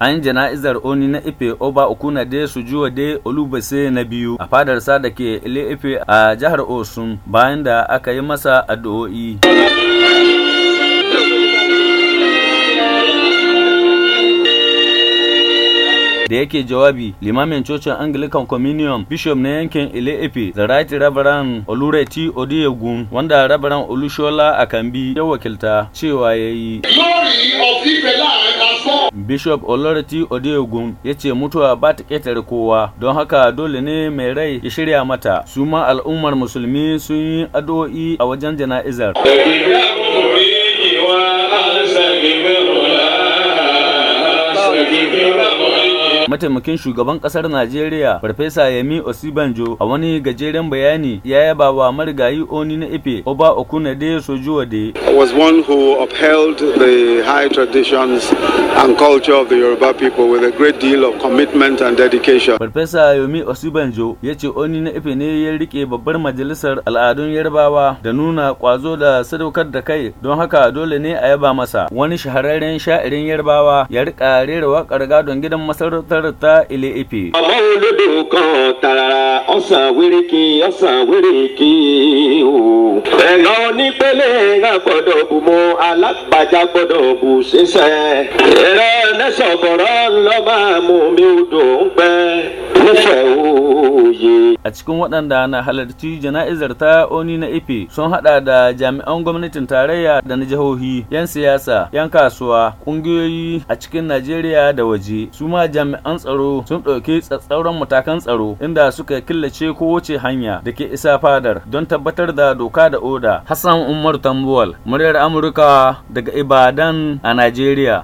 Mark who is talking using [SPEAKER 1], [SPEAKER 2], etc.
[SPEAKER 1] an yi jana'izar oni na ife oba okuna de sujuwa de olubase na biyu a fadar sa da ke ile ife a jihar osun bayan da aka yi masa addu'o'i da yake jawabi limamin cocin anglican communion bishop na yankin ile ife the right reverend olureti odeyegun wanda reverend olushola akambi ya wakilta cewa ya yi Bishop Olorati Odeogun ya ce mutuwa ba ta ƙetare kowa don haka dole ne mai rai ya shirya mata. Su ma al'ummar musulmi sun yi addu'o'i a wajen jana'izar. mataimakin shugaban kasar Najeriya Farfesa Yemi Osibanjo a wani gajeren bayani ya yaba wa marigayi Oni na Ife Oba Okunade Sojuwade.
[SPEAKER 2] Was one who upheld the high traditions and culture of the Yoruba people with a great deal of commitment and dedication.
[SPEAKER 1] Farfesa Yemi Osibanjo ya ce Oni na Ife ne ya rike babbar majalisar al'adun Yarbawa da nuna kwazo da sadaukar da kai don haka dole ne a yaba masa. Wani shahararren sha'irin Yarbawa ya rika rera waƙar gadon gidan masarautar tẹ́rẹ̀tà ilé epi. ọmọ olódò kan tààrà ọ̀sán
[SPEAKER 2] wéré kí ọ̀sán wéré kí o. ẹ̀rọ onípele ẹ̀rọ gbọ́dọ̀ bù mọ́ alágbàjá gbọ́dọ̀ bù ṣiṣẹ́. ẹ̀rọ
[SPEAKER 1] nẹ́sọ̀bọ̀rọ̀ lọ́ọ́ máa mú mi odò ń pẹ́ nífẹ̀ẹ́ o. a cikin waɗanda na halarci jana'izar ta oni na ife sun haɗa da jami'an gwamnatin tarayya da na jihohi 'yan siyasa 'yan kasuwa ƙungiyoyi a cikin najeriya da waje su ma jami'an tsaro sun ɗauki tsatsauran matakan tsaro inda suka killace ko wuce hanya da ke isa fadar don tabbatar da doka da oda hassan umar tambuwal muryar amurka daga ibadan a najeriya